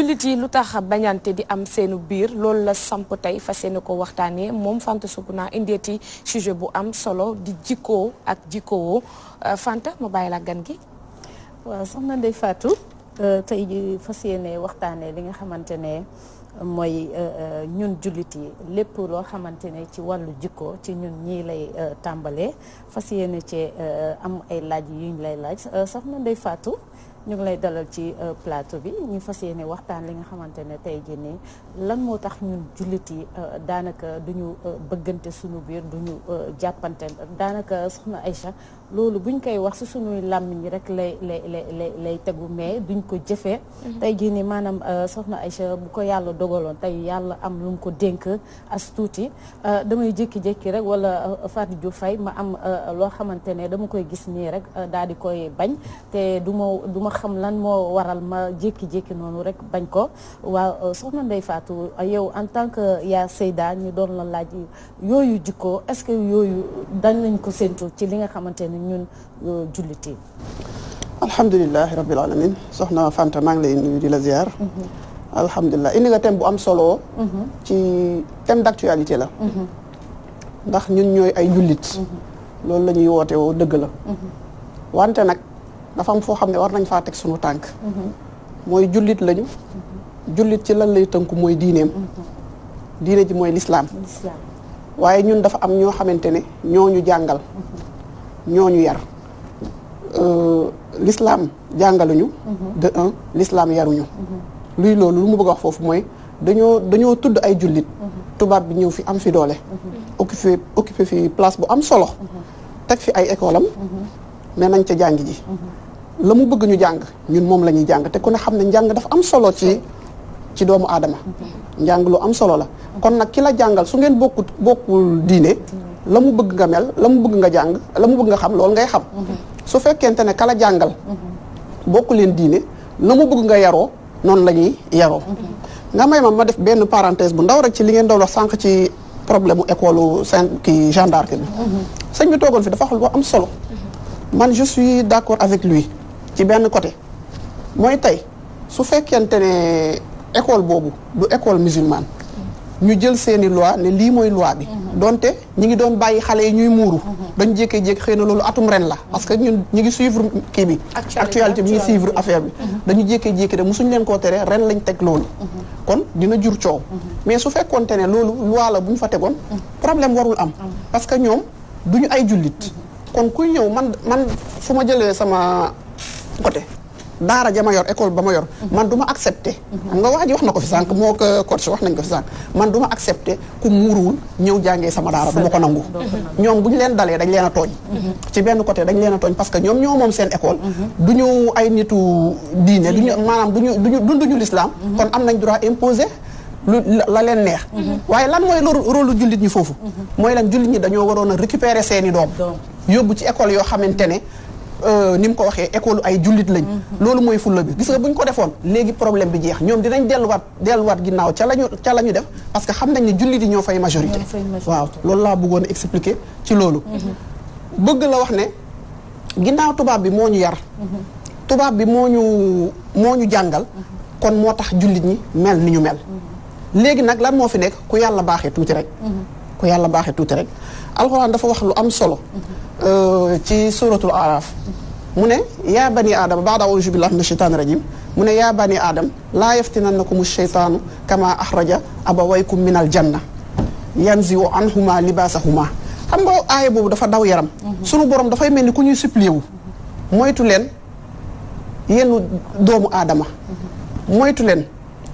jullit yi lu tax bañante di am seenu biir loolu la samp tey fas yéene ko waxtaanee moom Fanta Soukouna indeeti sujet bu am solo di jikkoo ak jikkoo euh, Fanta ma bàyyi gan gi. waaw soxna Ndeye Fatou euh, tey jii fas yéene waxtaanee li nga xamante ne mooy euh, ñun jullit yi lépp loo xamante ne ci wàllu jikko ci ñun ñii lay tàmbalee fas yéene cee am ay laaj yuñ lay laaj soxna Ndeye Fatou. ñu ngi lay dalal ci euh, plateau bi ñu fas yéene waxtaan li nga xamante ne tey jii lan moo tax ñun jullit yi euh, daanaka duñu euh, bëggante suñu biir duñu jàppante daanaka ay Aïcha loolu buñ koy wax si suñuy làmmiñ rek lay lay lay lay tegu mais duñ ko jëfee. Mhm. tey jii nii maanaam euh, soxna ay Aïcha bu ko yàlla dogaloon tey yàlla am lu mu ko dénk as tuuti euh, damay jékki-jékki rek wala euh, Fatou ju Faye ma am loo xamante ne dama koy gis nii rek daal di koy bañ te du ma du xam lan moo waral ma jékki noonu rek bañ ko waaw soxna Ndeye Fatou yow en tant que yaa Seyda ñu doon la laaj yooyu jikko est yooyu dañ lañ ko séntu ci li nga xamante ne ñun euh, jullit yi. alhamdulilah rabbil alamin soxna Fanta maa lay nuyu di la ziar. Mhm. alhamdulilah indi nga thème bu am solo. Mhm. ci thème d'actualité la. Mhm. ndax ñun ñooy ay jullit. loolu la woote woo dëgg la. wante nag dafa am foo xam ne war nañ fa teg sunu tànk. mooy jullit lañu. jullit ci lan lay tënku mooy diineem. diine ji mooy lislaam. waaye ñun dafa am ñoo xamante ne ñoo ñu jàngal. ñoo ñu yar euh, l'islam jàngaluñu. Mhm. de un l'islam yaruñu. Mhm. luy loolu lu mu bëgg a foofu mooy dañoo dañoo tudd ay jullit. Mhm. tubaab bi ñëw fi am fi doole. occupé occupé fi place bu am solo. teg fi ay école am. ne nañ ca jàng ji. la mu bëgg ñu jàng ñun moom la ñuy jàng te ku ne xam ne njàng dafa am solo ci ci doomu aadama. njàng lu am solo la kon nag ki la jàngal su ngeen bokkut bokkul diine. la mu bëgg nga mel la mu bëgg nga jàng la mu bëgg nga xam loolu ngay xam mhm. su fekkente ne kala jàngal mhm. bokk leen diine la mu bëgg nga yaroo noonu la ñuy yaroo mhm. nga may ma ma def benn parenthèse bu ndaw rek ci li ngeen doon wax sànq ci problème mu école saint ki gendarme bi sëñ bi toogoon fi dafa wax lu am solo man je suis d'accord avec lui ci benn côté mooy tey su fekkente ne école boobu du école musulmane ñu jël seeni loi ne lii mooy loi bi mhm. donte ñi ngi doon bàyyi xale yi ñuy muuru dañ mhm. jékkee-jékki xëy na loolu atum ren la parce que ñun ñi ngi suivre kii bi actualité bi ñu ngi suivre bi mhm. dañu jékkee-jékki de mosuñ leen koo tere ren lañ teg loolu kon dina jur coow mais su fekkoonte ne loolu loi la bu ñu fa tegoon problème warul am parce que ñoom duñu ay jullit kon kuy ñëw man man fu ma jëlee sama côté daara ja ma yor école ba ma yor man du ma accepté xam nga waa wax na ko fi sànq moo ko coach wax nañ ko fi sànq man du ma accepté ku muuruwul ñëw jàngee sama daara du ma ko nangu ñoom bu ñu leen dalee dañ leen a tooñ mhm. ci benn côté dañ leen a tooñ parce que ñoom ñoo moom seen école mhm. du ñu ay nitu diine duñu maanaam duñu ñu dunduñu l'islam mhm. kon am nañ droit imposé lu la leen neex waaye lan mooy loolu rôle jullit ñi foofu mooy lan jullit ñi dañoo waroon a récupérer seeni doom yóbbu ci école yoo xamante ne Euh, ni mu ko waxee école ay jullit lañ mm-hmm. loolu mooy fulla bi gis nga bu ñu ko defoon léegi problème bi jeex ñoom dinañ delluwaat delluwaat ginnaaw ca lañu ca la def parce que xam nañ ne jullit yi ñoo fay majorité waaw loolu laa bëggoon expliquer ci loolu mm-hmm. bëgg la wax ne ginnaaw tubaab bi moo ñu yar mm-hmm. tubaab bi moo ñu moo ñu jàngal kon moo tax jullit ñi mel ni ñu mel léegi nag lan moo fi nekk ku yàlla baaxee tuuti rek ku yàlla baaxee tuuti rek alxuraan dafa wax lu am solo euh, ci suratul araf mu ne yaa bani aadama baada auzu billahi min asheytaani rajim mu ne yaa bani aadam laa yaftinannakum asheytaanu kama axraja abawaykum min aljanna yanziu anhuma libaasahuma xam nga aaya boobu dafa daw yaram sunu borom dafay mel ni ku ñuy supplier moytu leen yenn doomu aadama moytu leen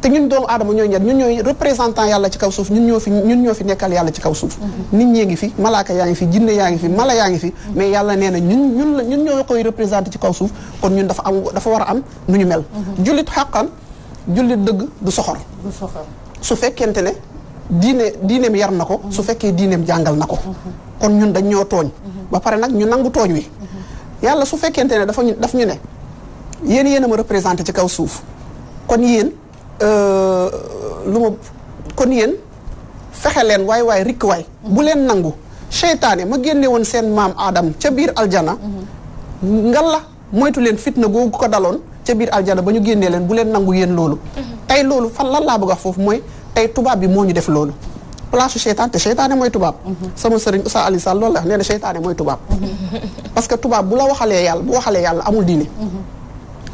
te ñun doomu aadama ñooy ñet ñun ñooy représentant yàlla ci kaw suuf ñun ñoo fi ñun ñoo fi nekkal yàlla ci kaw suuf mm-hmm. nit ñee ngi fi malaaka yaa ngi fi jinne yaa ngi fi mala yaa ngi fi mm-hmm. mais yàlla nee na ñun ñun la ñun ñoo koy représenté ci kaw suuf kon ñun dafa am dafa war a am nu ñu mel mm-hmm. jullit xàqan jullit dëgg du soxor su fekkente ne diine diineem yar na ko su fekkee diineem jàngal na ko kon ñun dañ ñoo tooñ ba pare nag ñu nangu tooñ wi yàlla su fekkente ne dafa ñu daf ñu ne yéen yéen a ma représenté ci kaw suuf Euh, lu ma kon yéen fexe leen waay waay rikk waay bu leen nangu seytaane ma génne woon seen maam aadam ca biir aljana mhm. la moytu leen fitna googu ko daloon ca biir aljana ba ñu génnee leen bu leen nangu yéen loolu mhm. tey loolu fan lan laa bëgg foofu mooy tey tubaab bi moo ñu def loolu place seytaan te seytaane mooy tubaab mhm. sama sëriñ Oussa Ali lool loolu la wax nee na seytaane mooy tubaab parce tubaab bu la waxalee yàlla bu waxalee yàlla amul diine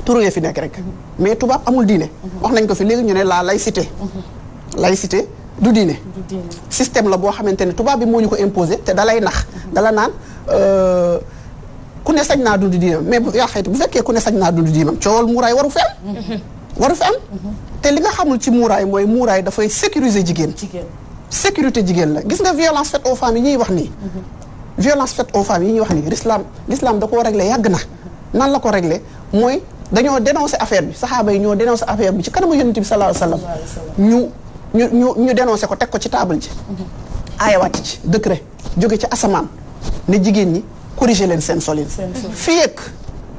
turée fi nekk rek mais tubaab amul diine mhm. wax nañ ko fi léegi ñu ne la laïcité mhm. laïcité du diine système la boo xamante ne tubaab bi moo ñu ko imposé te dalay nax mhm. dala naan euh, ku ne sañ naa du diinam mais yaa xayti bu fekkee ku ne sañ naa dund diinam coowal muuraay waru fi am waru fi am te li nga xamul ci muuraay mooy muuraay dafay sécuriser jigéen sécurité jigéen la gis nga violence faite aux femmes yi ñuy wax nii violence faite aux femmes yi ñuy wax nii l'islam l'islam da koo réglé yàgg na nan la ko réglé mooy dañoo dénoncé affaire bi saxaaba yi ñoo dénoncé affaire bi ci kanamu yonent bi sallallahu alayhi wasallam ñu ñu ñu ñu dénoncé ko teg ko ci taabal ji aaye wàcc ci décret jóge ci asamaan ne jigéen ñi corriger leen seen solin fii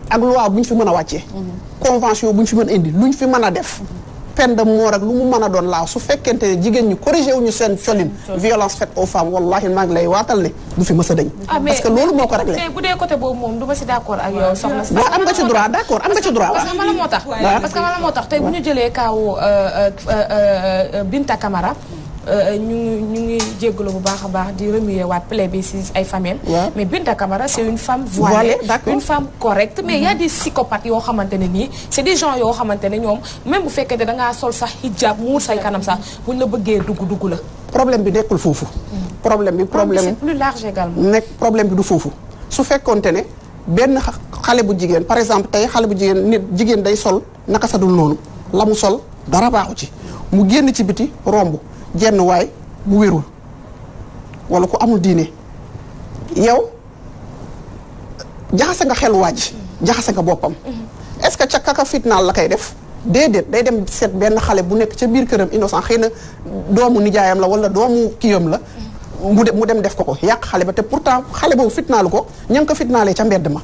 ak loi bu ñu fi mën a wàccee mhm. convention bu ñu fi mën a indi lu ñu fi mën a def mhm. peine de mort ak lu mu mën a doon laaw su fekkente ne jigéen ñi corrigé wuñu seen colin violence faite aux femmes wallahi maa ngi lay waatal ne du fi mës a dañ ah, parce que loolu moo ko réglé mais bu dee côté boobu moom du ma si d' ak yow soxna si am nga ci droit d' am nga ci droit parce parce que man la moo tax tey bu ñu jëlee kaaw euh, euh, euh, Binta Camara Euh, ñu ngi ñu ngi jégalu bu baax a baax di remuer waat plaie bi si ay famille mais Binta Camara c' est une femme voilée une femme correcte mais y a des yoo xamante ne nii c' est des gens yoo xamante ne ñoom même bu fekkee ne dangaa sol sax hijab muur say kanam sax la bëggee dugg dugg la problème bi nekkul foofu problème bi problème c'est plus large également nekk problème bi du foofu su fekkonte ne benn xale bu jigéen par exemple tey xale bu jigéen nit jigéen day sol naka sa dul la mu sol dara baaxu ci mu génn ci biti romb jenn waay bu wérul walla ku amul diine yow jaxase nga xel waaj jaxase nga boppam mm-hmm. est-ce que ca kaka fitnaal la koy def de day dem set benn xale bu nekk ca biir këram innocent xëy na doomu nijaayam la wala doomu kiyam la mm-hmm. mu dem mu dem def ko ko yàq xale ba te pourtant xale boobu fitnaalu ko ña ngi ko fitnaalee ca mbedd ma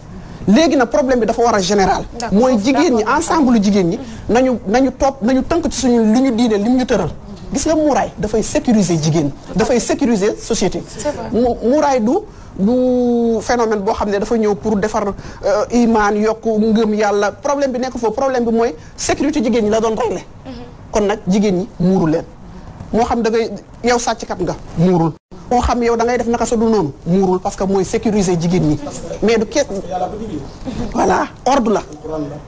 léegi na problème bi dafa war a général mooy jigéen ñi ensemble jigéen ñi mm-hmm. nañu nañu topp nañu tënk ci suñu li ñu diine li mu ñu tëral gis nga muuraay dafay sécuriser jigéen dafay sécuriser société muuraay du du phénomène boo xam ne dafa ñëw pour defar euh, imaan yokk ngëm yàlla problème bi nekk foofu problème bi mooy sécurité jigéen ñi la doon réglé mhm. kon nag jigéen ñi muuru leen moo xam da ngay yow sàcckat nga muurul koo xam yow da ngay def naka sa dul noonu muurul parce que mooy sécuriser jigéen ñi mais du ke voilà ordu la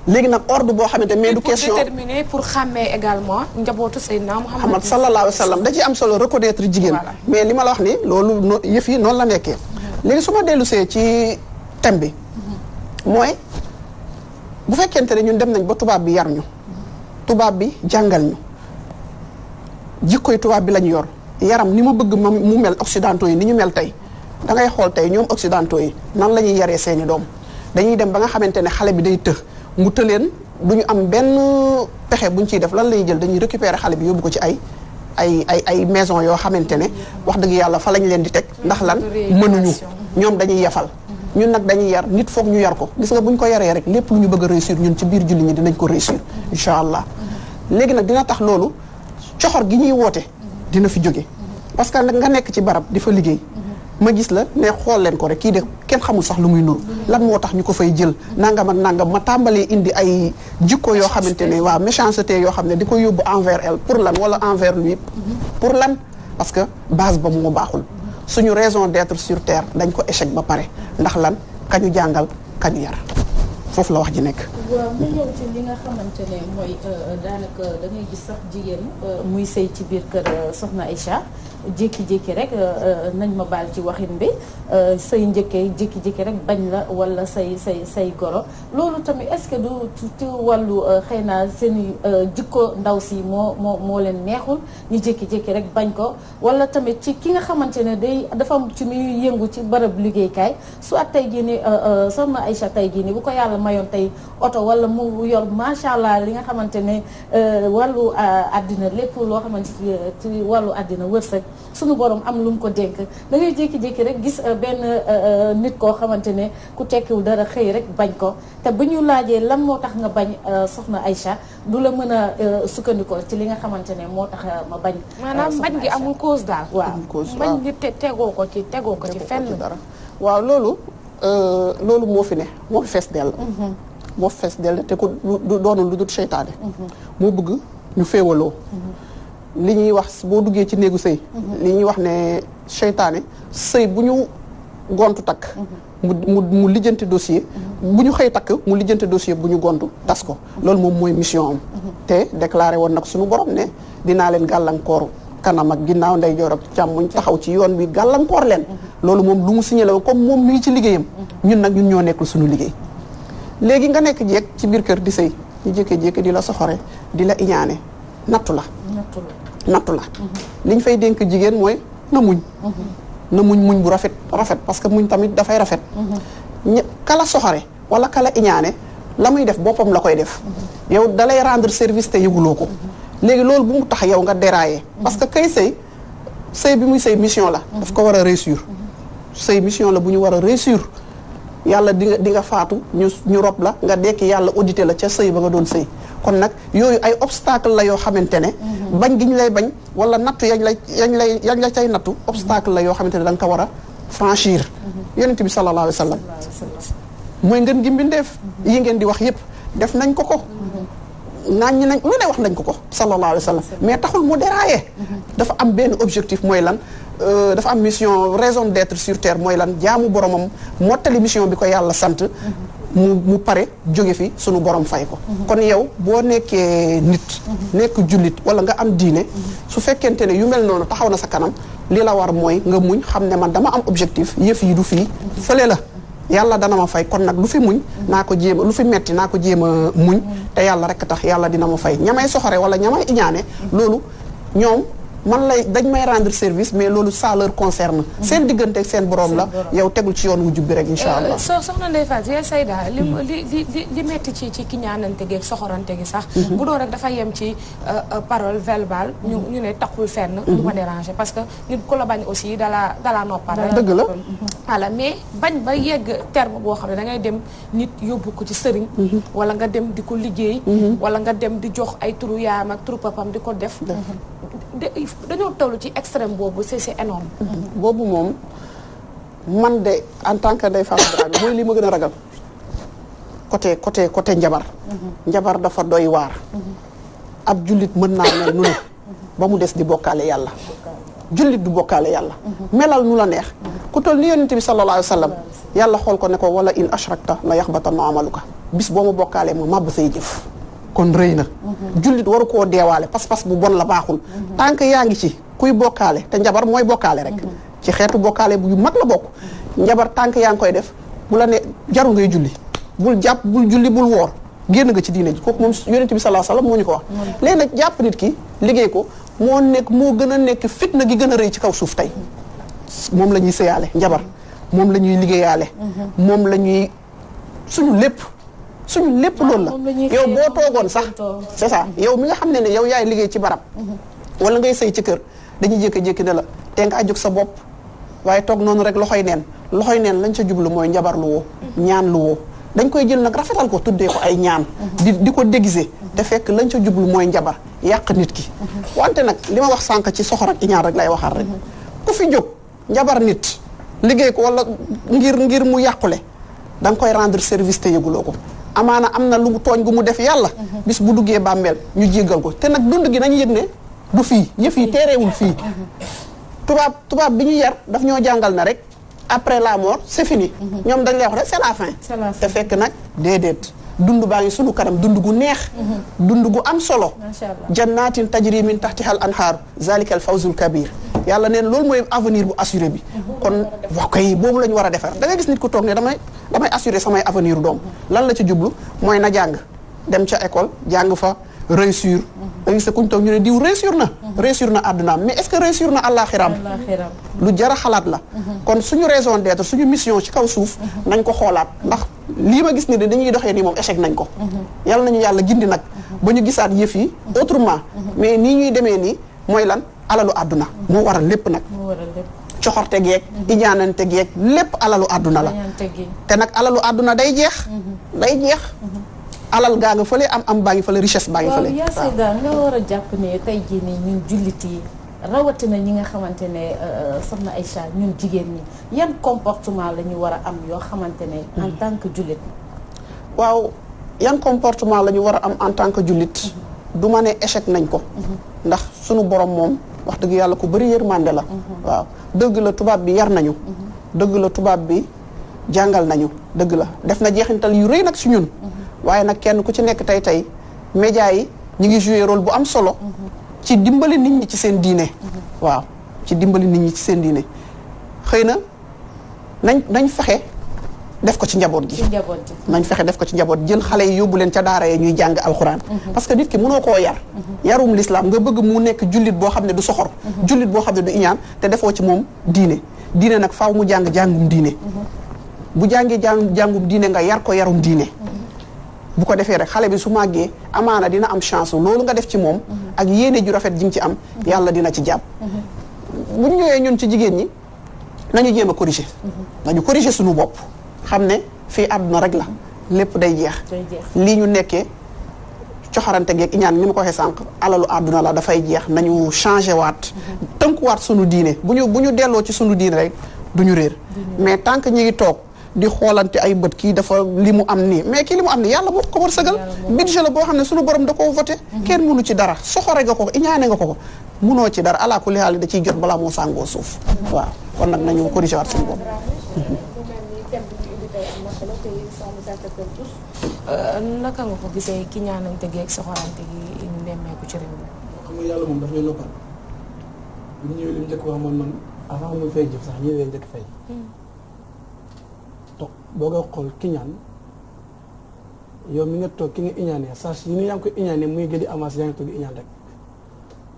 léegi nag ordre boo xamante mais du question pour pour xàmmee également njabootu Seydina Muhammad sallallahu alayhi wa sallam da ci am solo reconnaître jigéen mais li ma la wax loolu no yëf noonu la nekkee léegi su ma dellusee ci thème bi mooy bu fekkente ne ñun dem nañ ba tubaab bi yar ñu tubaab bi jàngal ñu jikkoy tubaab bi lañu yor yaram ni mu bëgg mu mel occidentaux yi ni ñu mel tey dangay xool tey ñoom occidentaux yi nan la ñuy yaree seeni doom dañuy dem ba nga xamante ne xale bi day të mu leen du ñu am benn pexe bu ñu ciy def lan lay jël dañuy récupérer xale bi yóbbu ko ci ay ay ay ay maison yoo xamante ne wax dëgg yàlla fa lañ leen di teg ndax lan mënuñu ñoom dañuy yafal ñun nag dañuy yar nit foog ñu yar ko gis nga bu ñu ko yaree rek lépp lu ñu bëgg a réussir ñun ci biir julli ñi dinañ ko réussir incha allah léegi nag dina tax loolu coxor gi ñuy woote dina fi jóge parce que nga nekk ci barab di fa liggéey ma gis la ne xool leen ko rek kii de kenn xamul sax lu muy nuru lan moo tax ñu ko fay jël nangam ak nangam ma tàmbalee indi ay jikko yoo xamante ne waaw méchanceté yoo xam ne di koy yóbbu envers elle pour lan wala envers lui pour lan parce que base ba moo baaxul suñu raison d'être sur terre dañ ko échec ba pare ndax lan kañu jàngal kañu yar foofu la wax ji nekk. waaw ñu ñëw ci li nga xamante ne mooy euh, daanaka da ngay gis sax jigéen euh, muy sëy ci biir kër euh, Soxna Aïcha. jékki-jékki rek euh, euh, nañ ma baal ci waxin bi euh, say njëkkee jékki-jékki rek bañ la wala say say say goro loolu tamit est que du ti wàllu xëy na seen jikko ndaw si moo moo moo leen neexul ñu jékki-jékki rek bañ ko wala tamit ci ki nga xamante ne day dafa ci muy yëngu ci barab liggéeykaay su soit tey jii ni soxna Aïcha tey jii ni bu ko yàlla mayoon tey oto wala mu yor macha allah li nga xamante ne wàllu àddina lépp loo xamante ci wàllu àddina wërsëg suñu borom am lu mu ko dénk da jékki-jékki rek gis euh, benn euh, euh, nit koo xamante ne ku tekkiwul dara xëy rek bañ ko te bu ñu laajee lan moo tax nga bañ soxna Aïcha du la mën a sukkandikoo ci li nga xamante ne moo tax ma bañ. maanaam bañ gi amul cause daal. amul waaw tegoo ko ci tegoo ko ci fenn. waaw loolu loolu moo fi ne moo fi fees dell. Mm-hmm. moo fi fees dell te ko doonul lu dul seytaane. Mm-hmm. moo bëgg ñu féewaloo. Mm-hmm. li ñuy wax boo duggee ci néegu sëy mhm. li ñuy wax ne seytaane sëy bu ñu gontu takk mhm. mu mu mu lijjanti dossier mhm. bu ñu xëy takk mu lijjanti dossier bu ñu gontu tas ko loolu moom mooy mission am te déclaré woon nag suñu borom ne dinaa leen gàllankoor kanam ak ginnaaw ndey joor ak càmmuñ taxaw ci yoon wi gàllankoor leen loolu moom lu mu signalé comme moom mi ngi ci liggéeyam ñun nag ñun ñoo nekkul suñu liggéey léegi nga nekk jeeg ci biir kër di sëy ñu jékkee-jékkee di la soxore di la iñaane la nattu la ñu fay dénk jigéen mooy na muñ na muñ muñ bu rafet rafet parce que muñ tamit dafay rafet kala soxare wala kala iñaane la muy def boppam la koy def yow dalay rendre service te yëguloo ko léegi loolu bu mu tax yow nga déraillé parce que kay sëy sëy bi muy sëy mission la daf ko war a réussir sëy mission la bu ñu war a réussir yàlla di nga di nga faatu ñu ñu rob la nga dekki yàlla audité la ca sëy ba nga doon sëy kon nag yooyu ay obstacle la yoo xamante ne mhm. bañ gi ñu lay bañ wala nattu yañ lay yañ lay yañ la cay nattu obstacle la yoo xamante ne da ko war a franchir mhm. yonent bi sallallahu alayhi wa sallam mooy ngeen gi mhm. yi ngeen di wax yépp def nañ ko ko ñi nañ lu ne wax nañ ko ko sallallahu alayhi wa sallam mais taxul mu déraillé dafa am benn objectif mooy lan euh, dafa am mission raison d'être sur terre mooy lan jaamu boromam mottali mission bi ko yàlla sant mu pare jóge fi sunu borom fay ko kon yow boo nekkee nit nekk jullit wala nga am diine su fekkente ne yu mel noonu taxaw na sa kanam li la war mooy nga muñ xam ne man dama am objectif yëf yi du fii fële la yàlla dana ma fay kon nag lu fi muñ naa ko jéem lu fi metti naa ko jéem a muñ te yàlla rek tax yàlla dina ma fay ñamay soxore wala ñamay iñaane loolu ñoom man lay dañ may rendre service mais loolu saleur leur concerne. Mhm. seen diggante ak seen borom la. yow tegul ci yoon wu jub bi rek incha euh, allah. so soxna Ndeye Fatou yaa Sayda mhm. li li li li metti ci ci ki ñaanante gi ak soxorante gi sax. Mhm. bu doon rek dafa yem ci euh, euh, parole verbale. ñu ñu ne taxul fenn. du ma déranger parce que nit ku la bañ aussi dala dala noppal. dëgg la voilà mais bañ ba yegg terme boo xam ne da ngay dem nit yóbbu ko ci sëriñ. wala nga dem di ko liggéey. wala nga dem di jox ay turu ak turu di ko def. Diouf dañoo toll ci extrême boobu c'est c'est boobu moom man de en tant que Ndeye Fatou Dramé mooy ma gën a ragal côté côté côté njabar njabar dafa doy waar ab jullit mën naa mel nu ne ba mu des di bokkaale yàlla jullit du bokkaale yàlla melal nu la neex ku toll ni yonente bi sallallahu alayhi wa yàlla xool ko ne ko wala in ashrakta la amalu amaluka bis boo ma bokkaalee ma màbb say jëf kon rëy na. Mhm. jullit waru koo deewaale pas-pas bu bon la baaxul. Mhm. tant yaa ngi ci kuy bokkaale te njabar mooy bokkaale rek. Mhm. ci xeetu bokkaale bu yu mag la bokk. njabar tant yaa ngi koy def bu ne jarul ngay julli bul jàpp bul julli bul woor génn nga ci diine ji kooku moom yonent bi salaa salaam moo ñu ko wax. léegi nag jàpp nit ki liggéey ko moo nekk moo gën a nekk fitna gi gën a rëy ci kaw suuf tey moom la ñuy seeyaale njabar moom la ñuy liggéeyaale. moom la ñuy suñu lépp. suñu lépp loolu la yow boo toogoon sax c'est ça yow mi nga xam ne ne yow yaay liggéey ci barab mhm. wala ngay sëy ci kër dañuy jékki-jékki ne la te nga jóg sa bopp waaye toog noonu rek loxoy neen loxoy neen lañ ca jublu mooy njabar lu woo mhm. ñaan lu dañ koy jël nag rafetal ko tuddee ko ay ñaan mhm. di ko déguiser te fekk lañ ca jublu mooy njabar yàq nit ki wante nag li ma wax sànq ci soxor ak iñaan rek lay waxaat rek ku fi jóg njabar nit liggéey ko wala ngir ngir mu yàqule danga koy rendre service te yëguloo ko amaana am na lu tooñ gu mu def yàlla mhm. bis bu duggee bàmmeel ñu jéggal ko te nag dund gi nañu yëg ne du fii yëf yi teereewul fii mhm. tubaab tubaab bi ñu yar daf ñoo jàngal na rek après la mort c'est fini mhm. ñoom dañ lay wax rek c'est la fin te fekk nag déedéet dund baa ngi sunu kanam dund gu neex mhm. dund gu am solo jannatin tajri min tahtihal anhaar zalikal fawzul kabir yàlla neen loolu mooy avenir bu assuré bi mhm. kon wax koy boobu la ñu war a defar da nga gis nit ko toog ne damay damay assuré samay avenir doom lan la ci jublu mooy na jàng dem ca école jàng fa réussir da ngay gis kuñ toog ñu ne diw réussir na réussir na àdduna mais est-ce que réussir na àllaaxiraam lu jara xalaat la mhm. kon suñu raison d'être suñu mission ci kaw suuf mhm. nañ ko xoolaat ndax lii ma gis ni de dañuy doxee nii moom échec nañ ko mhm. yàlla nañu yàlla jindi nag ba ñu gisaat yëf yi autrement mais nii ñuy demee nii mooy lan alalu àdduna moo waral lépp nag coxorte geeg iñaanante geeg lépp alalu àdduna la te nag alalu àdduna day jeex day jeex alal gaa nga fële am am baa ngi fële richesse baa ngi fële. yaa Seyda nga war a jàpp ne tey jii nii ñun jullit yi rawatina ñi nga xamante ne euh, euh, ay Aïcha ñun jigéen ñi yan comportement la ñu war a am yoo xamante ne. en hmm. tant que jullit. waaw yan comportement la ñu war a am en tant que jullit. Hmm. du ma ne échec nañ ko. Hmm. ndax sunu borom moom wax dëgg yàlla ku bëri yërmande la. waaw dëgg la tubaab bi yar nañu. dëgg la tubaab bi. jàngal nañu dëgg la def na jeexintal yu rëy nag ci ñun mm-hmm. waaye nag kenn ku ci nekk tey tey média yi ñu ngi joué rôle bu am solo mm-hmm. ci dimbali nit ñi ci seen diine mm-hmm. waaw ci dimbali nit ñi ci seen diine xëy na nañ nañ fexe def ko ci njaboot gi nañ fexe def ko ci njaboot jël xale yi yóbbu leen ca daara yi ñuy jàng alxuraan parce que nit ki mënoo koo yar yarum l'islam nga bëgg mu nekk jullit boo xam ne du soxor jullit boo xam ne du iñaan te defoo ci moom diine diine nag faaw mu jàng jàngum diine bu jàngee jàng jàngum diine nga yar ko yarum diine bu ko defee rek xale bi su màggee amaana dina am chance loolu nga def ci moom ak yéene ju rafet jim ci am yàlla dina ci jàpp bu ñu ñëwee ñun ci jigéen ñi nañu jéem a corriger nañu corriger suñu bopp xam ne fii àdduna rek la lépp day jeex lii ñu nekkee coxarante geeg iñaan ni ma ko waxee sànq alalu àdduna la dafay jeex nañu changé waat tënkuwaat sunu diine bu ñu bu ñu delloo ci sunu diine rek du ñu réer mais tant que ñu ngi toog di xoolante ay bët kii dafa li mu am nii mais ki li mu am nii yàlla boo ko wërsëgal budget la boo xam ne suñu borom da koo voté mhm. kenn mënu ci dara soxore nga ko ko iñaane nga ko ko mënoo ci dara alaa kulli da ciy jot balaa moo sàngoo suuf waaw kon nag nañu corrigé waat suñu bopp gisee ki ñaanante gi ak soxorante gi ñu nemmeeku ci réew xam nga yàlla moom daf lay noppal boo koy xool kiñaan yow mi nga toog ki nga iñaanee saa yi ni yaa ngi koy iñaanee muy gën di avancé yaa ngi toog iñaan rek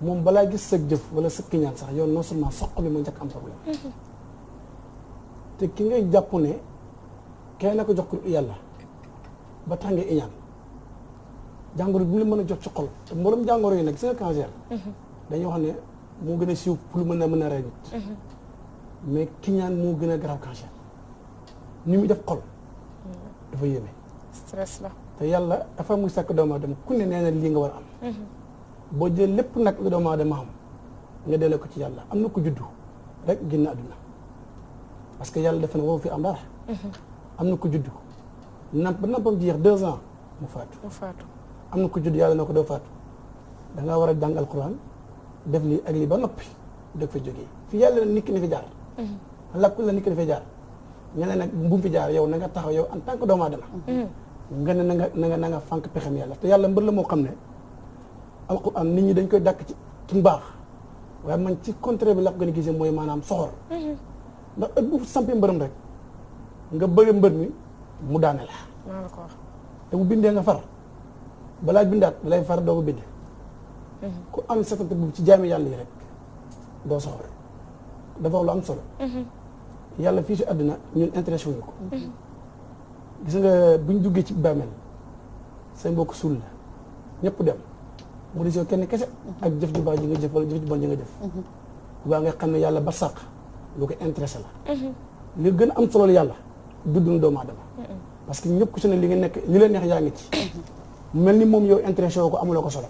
moom balaa gis sa jëf wala sa kiñaan sax yow non seulement soq bi mu njëkk am problème te ki nga jàpp ne kenn na ko jox ko yàlla ba tax nga iñaan jàngoro bi mu la mën a jox ci xol te mboolem jàngoro yi nag c'est cancer dañuy wax ne moo gën a siiw pour mën a mën a rey nit mhm. mais kiñaan moo gën a garaaw cancer ni muy def xol dafa yéeme. te yàlla dafa muy sàkk doomu aadama ku ne nee na lii nga war am. Mhm. boo jëlee lépp nag lu doomu aadama xam nga delloo ko ci yàlla am na ko juddu rek génn àdduna parce que yàlla dafa ne wow fi mhm. am na ko juddu namp ba nampam jeex deux ans mu faatu. am na ko juddu yàlla na ko doo faatu danga war a jàng alquran def lii ak lii ba noppi da fa jógee fi yàlla nit ki ne fi jaar. Mhm. làkku la nit ki ne jaar. ñu ne nag bu mu fi jaar yow na nga taxaw yow en tant que doomu aadama mm. nga ne na nga na nga na nga fànk pexem yàlla te yàlla mbër la moo xam ne am nit ñi dañ koy dàkk ci ci mbaax waaye man ci contraire bi la ko gisee mooy maanaam soxor mm-hmm. ndax ëpp bu sampee mbërëm rek nga bëri mbër mi mu daane la te bu bindee nga far balaa bindaat lay far doo ko bind mm-hmm. ku am setante bu ci jaami yàlla yi rek doo soxor dafa lu am solo mm-hmm. yàlla fii si àddina ñun intéressé wuñu ko. Mhm. gis nga buñ duggee ci bàmmeel say mbokk suul la ñëpp dem mu des yow kenn kese. Mhm. ak jëf ju baax ji nga jëf wala jëf ju bon ji def. waa mhm. nga xam ne yàlla ba sàq loo ko intéressé la. li gën a am solo yàlla dundu doomu aadama. parce que ñëpp ku si li nga nekk li leen neex yaa ngi ci. mel ni moom yow intéressé woo ko amuloo ko solo.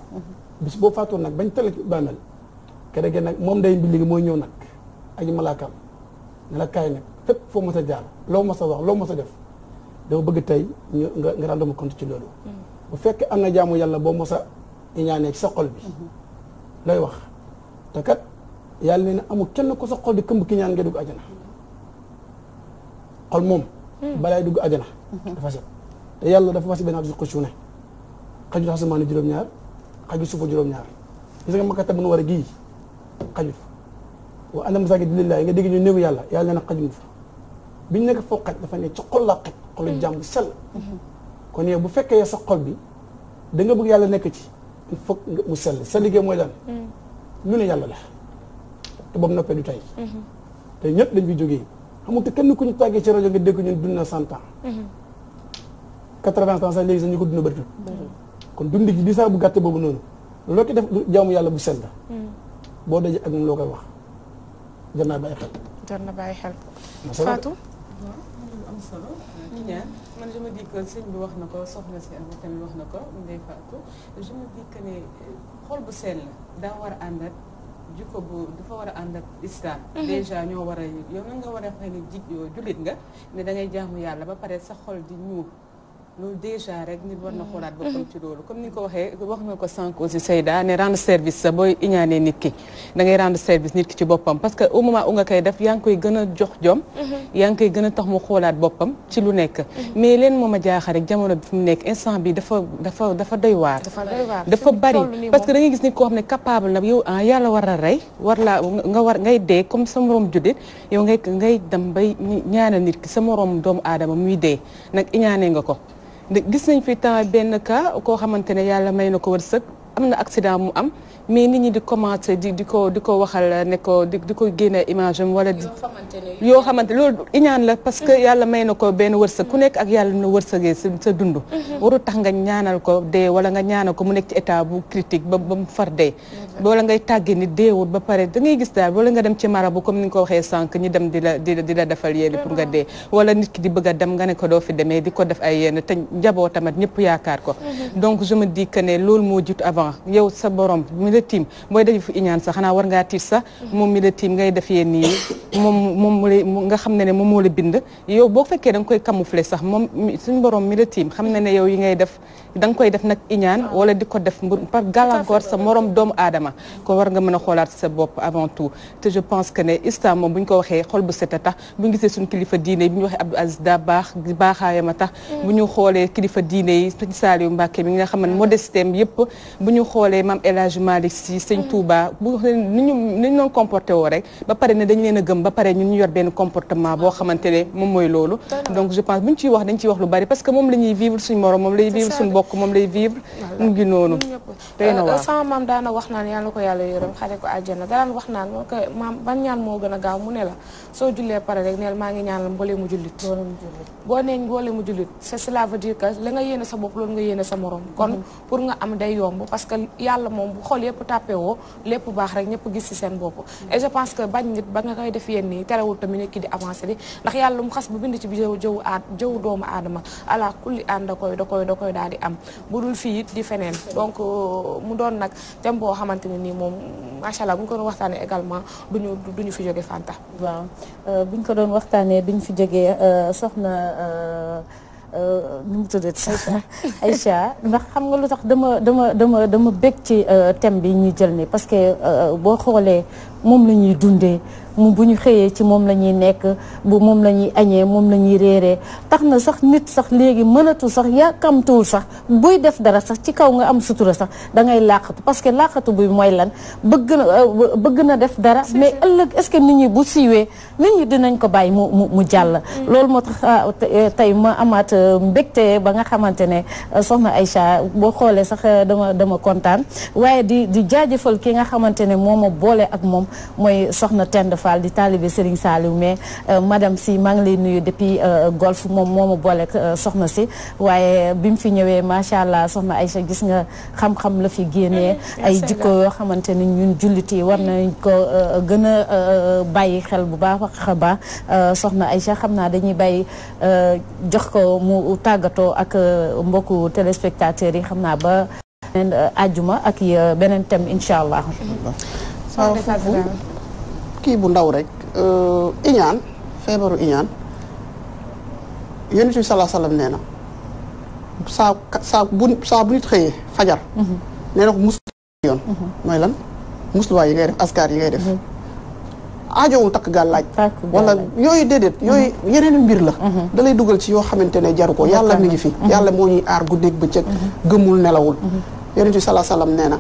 bis boo faatoon nag bañ tële ci bàmmeel. keneen nag moom day mbi léegi mooy ñëw nag ak malaakaam ne la kaay nag fépp foo mos a jaar loo mos a wax loo mos a def dama bëgg tey ñu nga nga rendre ma compte ci loolu. Mm. bu fekkee am na jaamu yàlla boo mos a ñaanee ci sa xol bi. Mm-hmm. looy wax te kat yàlla nee na amul kenn ko sa xol di këmb ki ñaan ngay dugg àjjana. xol moom. Mm. balaay dugg àjjana. Mm-hmm. dafa set te yàlla dafa fas benn xadiis xëccu ne xajul asamaan juróom-ñaar xajul suufu juróom-ñaar gis nga makkatam bu war a gii xajul. wa ana masaajida lillaahi nga dégg ñu néegu yàlla yàlla na xajuñ fa bi ñu nekk foo xaj dafa ne ci xol la xaj xolu mm-hmm. jàmm sell mm-hmm. kon yow bu fekkee sa xol bi da nga bëgg yàlla nekk ci il faut mu sell sa liggéey mooy lan mm-hmm. lu ne yàlla la te boobu noppee du tey te ñëpp dañ fi jógee xamul te kenn ku ñu tàggee ci rajo nga dégg ñun dund na cent ans quatre-vingts ans sax léegi ko kon dundi gi bu gàtte boobu noonu loo ko def jaamu yàlla bu sell la boo dajee ak loo koy wax jar naa xel. jar na bàyyi xel. Fatou. am solo. ñaan man je bi wax na ko soxna si am tamit wax na ko Ndeye Fatou je me dis que ne eh, xol bu sell daa war a ànd bu dafa war a ànd ak islam. Mhm. déjà ñoo war a yow na nga war a xëy ne ji jullit nga ne da ngay jaamu yàlla ba pare sa xol di ñuul. loolu déjà rek nit war na xoolaat boppam ci loolu comme ni nga ko waxee wax nga ko sànq aussi Seyda ne rendre service sa booy iñaanee nit ki da ngay rendre service nit ki ci boppam parce que au moment où nga koy def yaa ngi koy gën a jox jom mhm. yaa ngi koy gën a tax mu xoolaat boppam ci lu nekk mhm. mais leen moom a jaaxal rek jamono bi fu mu nekk instant bi dafa dafa dafa doy waar dafa bari parce que da ngay gis nit koo xam ne capable na yow ah yàlla war a rey war laa nga war ngay dee comme sa morom juddit yow ngay ngay dem bay ñaanal nit ki sa morom doomu aadama muy dee nag iñaanee nga ko gis nañ fi temps benn ka koo xamante ne yàlla may na ko wërsëg am na accident mu am mais nit ñi di commencé di di ko di ko waxal ne ko di di ko génne image am wala di yoo xamante loolu iñaan la parce que mm-hmm. yàlla may na ko benn wërsëg ku mm-hmm. nekk ak yàlla na wërsëgee sa sa dund mm-hmm. waru tax nga ñaanal ko dee wala nga ñaanal ko mu nekk ci état bu critique ba ba mu far dee wala ngay tàggee nit deewul ba pare da ngay gis daal wala nga dem ci bu comme ni nga ko waxee sànq ñi dem di la di di la defal yéen pour nga dee wala nit ki di bëgg a dem nga ne ko doo fi demee di ko def ay yéen te njabootamat ñëpp yaakaar ko donc je loolu moo jiitu avant yow sa borom mi la tiim booy def i iñaan sax xanaa war ngaa tiit sax mm-hmm. moom mi la tiim ngay def yenn yi moom moom mu nga xam ne ne moom moo la bind yow boo fekkee da nga koy camoufler sax moom suñu borom mi la tiim xam ne ne yow yi ngay def danga koy def nag iñaan wala di ko def mbur par gàllankoor sa morom doomu aadama ko war nga mën a xoolaat sa bopp avant tout je pense que ne islam moom bu ñu ko waxee xol bu set a tax bu ngi gisee suñu kilifa diine bu ñu waxee Abdou Aziz da baax baaxaayam a tax bu ñu xoolee kilifa diine yi sëñ Saliou Mbacké mi nga xam ne modestem yëpp bu ñu xoolee maam El Hadj si Sy sëñ mm. Touba bu ni ñu ni ñu doon comporté woo rek ba pare ne dañ leen a gëm ba pare ñun ñu yor benn comportement boo xamante ne moom mooy loolu donc je pense bu ñu ciy wax dañ ciy wax lu bari parce que moom la ñuy vivre suñ morom moom lay vivre suñ bokk moom lay vivre mu ngi noonu a na euh, waaw sama maam daana wax naan yàlla ko yàlla yërëm xare ko àjjana daan wax naan ko maam ban ñaan moo gën a gaaw mu ne la soo jullee pare rek neel maa ngi ñaanal mboole mu jullit boo nee mboole mu jullit c'est cela veut dire que la nga yéene sa bopp loolu nga yéene sa morom kon mm-hmm. pour nga am day yomb parce que yàlla moom bu xool yëpp tàppe woo lépp baax rek ñëpp gis ci seen bopp mm-hmm. et je pense que bañ nit ba nga koy def yenn yi terewul tamit nekk di avancé ndax yàlla mu xas bu bind ci bi jëw jëw aad jëw doomu aadama ala kulli aan da koy da koy da koy daal di am bu dul fii it di feneen donc euh, mu doon nag thème boo xamante ne nii moom macha allah bu ñu ko doon waxtaanee également duñu duñu fi jóge Fanta waaw Euh, buñ ko doon waxtaanee duñ fi jógee euh, soxna euh, nu mu tuddati Aïcha ndax xam nga lu tax dama dama dama dama bég ci thème bi ñuy jël nii parce que boo xoolee moom la ñuy dundee bu ñu xëyee ci moom la ñuy nekk bu moom la ñuy añee moom la ñuy réeree tax na sax nit sax léegi mënatul sax yàkkamtuwul sax buy def dara sax ci kaw nga am sutura sax da ngay làqatu parce que làqatu bi mooy lan bëgg na euh, bëgg na def dara mais ëllëg est-ce que nit ñi bu siiwee nit ñi dinañ ko bàyyi mu mu mu jàll mm-hmm. loolu moo tax ah, euh, tey ma amaat euh, mbégte ba nga xamante ne soxna ay Aïcha boo xoolee sax dama dama kontaan waaye di di jaajëfal ki nga xamante ne moo ma boole ak moom mooy soxna Tend Fall di taalibe Serigne Saliou mais euh, madam si maa ngi lay nuyu depuis euh, golf moom moo ma booleeg euh, soxna si waaye bi mu fi ñëwee macha allah soxna Aïcha gis nga xam-xam la fi génnee. ay jikko yoo xamante ni ñun jullit yi war nañ ko gën a bàyyi xel bu baax a baax soxna Aïcha xam naa dañuy bàyyi jox ko mu tàggatoo ak mbokku téléspectateurs yi xam naa ba. àjjuma ak beneen thème incha allah. waaw bu ndaw rek euh, iñaan feebaru iñaan yonent bi salaa nee na saa saa bu saa bu nit xëyee fajar mhm. nee na ko muslu yoon mhm. mooy lan musluwaay yi ngay def askar yi ngay def mhm. aajowul takk gàllaaj wala yooyu déedéet yooyu yeneen mbir la da lay dugal ci yoo xamante ne jaru ko yàlla mi ngi fi yàlla moo ñuy aar guddeeg bëccëg gëmul nelawul yonent bi salaa salaam nee na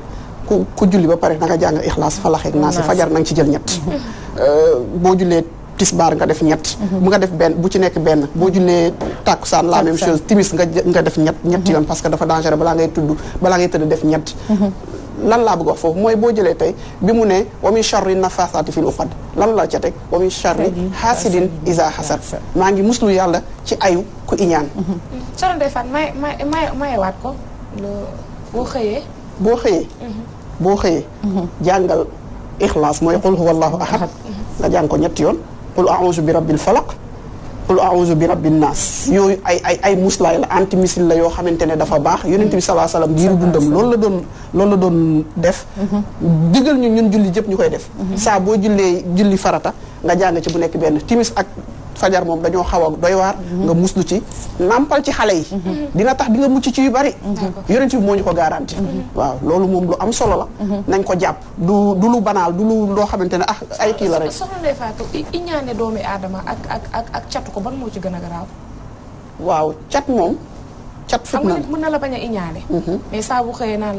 ku ku julli ba pare na nga jàng ixlaas falax ak naas fajar na ci jël ñett euh, boo jullee tisbaar nga def ñett bu mhm. nga def benn bu ci nekk benn boo jullee tàkkusaan la même chose timis nga def ñett mhm. yoon parce que dafa dangereux balaa ngay tudd balaa ngay tëdd def ñett mhm. lan laa bëgg wax foofu mooy boo jëlee tey bi mu ne wa min charri nafasaati fil uqad lan la ca teg wa min charri xaasidin isa xasad maa ngi muslu yàlla ci ayu ku iñaan boo xëyee. boo xëyee. jàngal ixlaas mooy qul huwa allahu ahad. nga jàng ko ñetti yoon. qul a'uuzu bi rabbil falaq. qul a'uuzu bi rabbin yooyu ay ay ay muslaay la la yoo xamante ne dafa baax. yonent bi salaa salaam giiru dundam loolu la doon loolu la doon def. digal ñu ñun julli jëpp ñu koy def. Mhm. saa boo jullee julli farata nga jàng ci bu nekk benn timis ak. fajar moom dañoo xaw a doy waar mhm. nga muslu ci nàmpal ci xale yi mhm. dina tax di nga mucc ci yu bari yonent bi moo ñu ko garanti mhm. waaw loolu moom lu am solo la nañ ko jàpp du du lu banaal du lu loo xamante ne ah ay kii la rek iñaane doomi aadama ak ak ak ak catu ko ban moo ci gën a garaaw cat moom cat fitna mën na la bañ a iñaane mais saa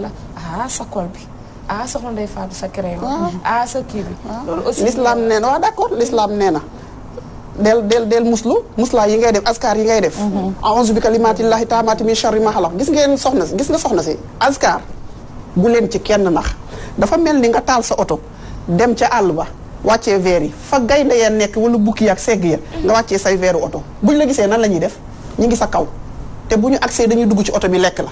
la ah sa kol bi ah soxna Ndeye Fatou sa crayon ah. ah sa kii bi ah. loolu aussi l'islam nee na waaw d'accord nee na del del del muslu muslaa yi ngay def askar yi ngay def mhm. a'uuzu bi kalimaatillaahi taamaati min sharri ma gis ngeen soxna si gis nga soxna si askar bu leen ci kenn nax dafa mel ni nga taal sa oto dem ca àll ba wàcce veer yi fa gaynde ya nekk wala bukki ak segg ya nga wàccee say veeru oto bu ñu la gisee nan la ñuy def ñu ngi sa kaw te bu ñu agsee dañuy dugg ci oto bi lekk la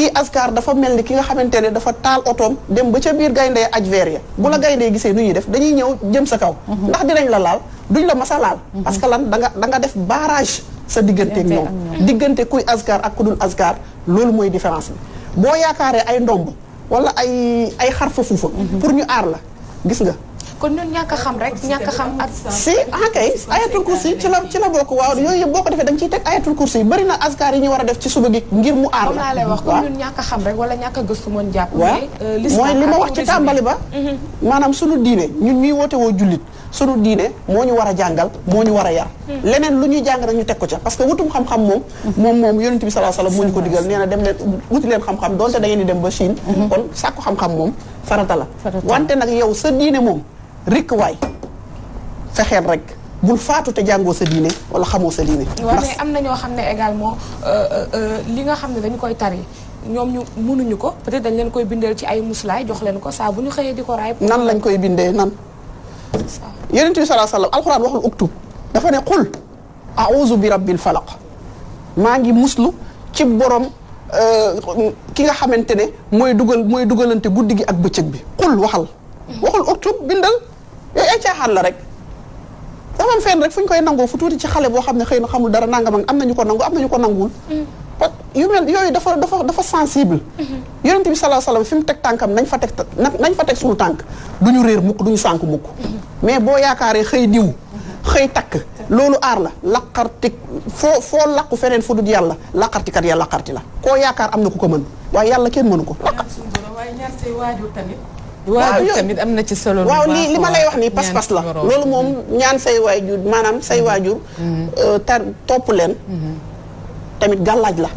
kii askar dafa mel ni ki nga xamante ne dafa taal otoom dem ba ca biir gayndee aj veer ya bu la gayndee gisee nu ñuy def dañuy ñëw jëm sa kaw mhm. ndax dinañ la laal duñ la masa laal mhm. parce que lan da nga da nga def barrage sa digganteek ñoom diggante kuy askar ak ku dul askar loolu mooy différence bi boo yaakaaree ay ndomb wala ay ay xar fa fuufa mhm. pour ñu aar la gis nga kon ñun ñàkk xam rek ñàkk a xam at. si ah kay ayatul kursi ci la ci la bokk waaw yooyu yëpp boo ko defee da nga teg ayatul kursi yi bëri na askar yi ñu war a def ci suba gi ngir mu aar la. waaw laa lay wax ñàkk xam rek wala ñàkk a gëstu mën jàpp. Euh, mooy li ma wax ci tàmbali ba. Mhm. maanaam sunu diine ñun ñuy woote woo jullit sunu diine moo ñu war a jàngal moo ñu war a yar. Mhm. leneen lu ñuy jàng rek ñu teg ko ca parce que wutum xam-xam moom. Mhm. moom moom yonent bi sallallahu alayhi wasallam moo ñu ko digal nee na dem leen wuti leen xam-xam donte da ngeen dem ba Chine. kon sàkku xam-xam moom farata la. wante nag yow sa diine moom rikk waay fexeel rek bul faatu te jàngoo sa diine wala xamo sa diine. waa mais am na ñoo xam ne également euh, euh, euh, li nga xam ne dañu koy tari ñoom ñu mënuñu ko peut-être dañ leen koy bindeel ci ay muslaay jox leen ko saa bu ñu xëyee di ko raay. nan lañ koy bindee nan. yonent ti sallallahu alayhi wa sallam alxuraan waxul uktub dafa ne xul auzu bi rabbil falaq maa ngi muslu ci borom ki nga xamante ne mooy dugal mooy dugalante guddi gi ak bëccëg bi xul waxal. Mm-hmm. waxul uktub bindal. yooyu eh, ay eh, caaxaan la rek dafa am fenn rek fu ñu koy nangoo fu tuuti ci xale boo xam ne xëy na xamul dara nangam ak am nañu ko nangu am nañu ko nanguwul mm-hmm. parce que yu mel yooyu dafa dafa dafa sensible mm-hmm. yonent bi salaa salaam fi mu teg tànkam nañ fa teg nañ fa teg suñu tànk du ñu réer mukk du ñu sànk mukk mm-hmm. mais boo yaakaaree xëy diw xëy takk loolu aar la laqarti foo foo laqu feneen fu dul yàlla laqartikat ya laqarti la koo yaakaar am na ku ko mën waaye yàlla kenn mënu ko laq waaw tamit am na ci solo. waaw li li ma lay wax nii pas-pas la. loolu moom ñaan say waajur maanaam say mm-hmm. waajur. Mm-hmm. Euh, tar topp leen. Mm-hmm. tamit gàllaaj la.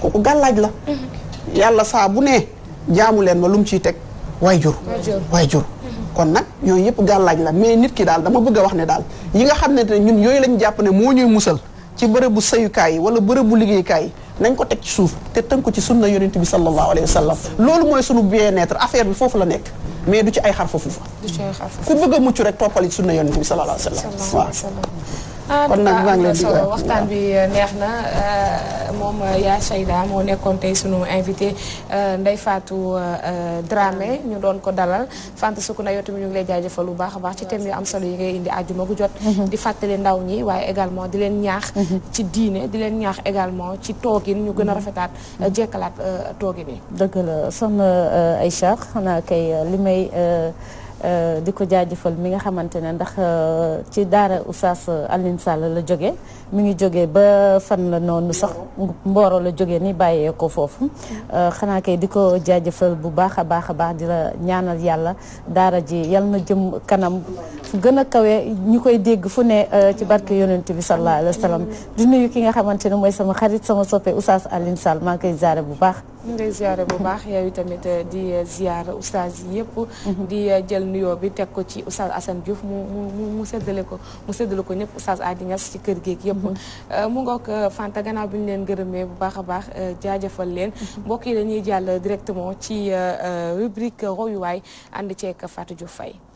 kooku gàllaaj la. yàlla saa bu nee jaamu leen ma lu mu ciy teg waajur. waajur kon nag yooyu yëpp gàllaaj la mais nit ki daal dama bëgg a wax ne daal yi nga xam ne ñun yooyu lañ jàpp ne moo ñuy musal ci bërëbu sayukaay yi wala bërëbu liggéeyukaay yi nañ ko teg ci suuf te tënk ko ci sunna yonent bi sa alayhi wa sallam loolu mooy sunu bien-être affaire bi foofu la nekk mais du ci ay xar foofu fa ku bëgg a mucc rek toppal ci sunna yonent bi sallallahu alayhi wa Ah, kon nag ah, maa ngi leen waxtaan bi eh, neex na eh, moom eh, yaa Seyda moo nekkoon tey sunu invité Ndeye Fatou Dramé ñu doon ko dalal Fanta Soukouna yow tamit ñu ngi lay jaajëfal lu baax a baax ci thème yu am solo yi ngay indi àjjuma gu jot mhm. di fàttali ndaw ñi waaye également di leen ñaax mhm. ci diine di leen ñaax également ci toogin ñu gën a mhm. rafetaat jekkalaat toogin yi dëgg la soxna Aïcha xanaa kay li may Euh, di ko jaajëfal mi nga xamante ne ndax euh, ci daara Oustaz Alioune la jóge mu ngi jóge ba fan la noonu sax Mboro la jóge ni bàyyeekoo ko foofu euh, xanaa kay di ko jaajëfal bu baax a baax a baax di la ñaanal yàlla daara ji yal na jëm kanam fu gën a kawe ñu koy dégg fu ne ci barke yonent bi sallallahu alayhi wa sallam di nuyu ki nga xamante ne mooy sama xarit sama soppe Oustaz Alioune Sall maa ngi koy jaare bu baax ñu ngi ziare bu baax yow tamit eh, di eh, ziar oustaz yëpp. Mhm. di eh, jël nuyoo bi teg ko ci oustaz Assane Diouf mu mu mu séddale ko mu séddale ko ñëpp oustaz Adi Niass ci kër geeg yëpp. Mhm. mu ngoog Fanta gannaaw bi ñu leen gërëmee bu baax a baax jaajëfal leen. Mhm. mbokk yi dañuy jàll directement ci rubrique royuwaay ànd ceeg Fatou Diouf Faye.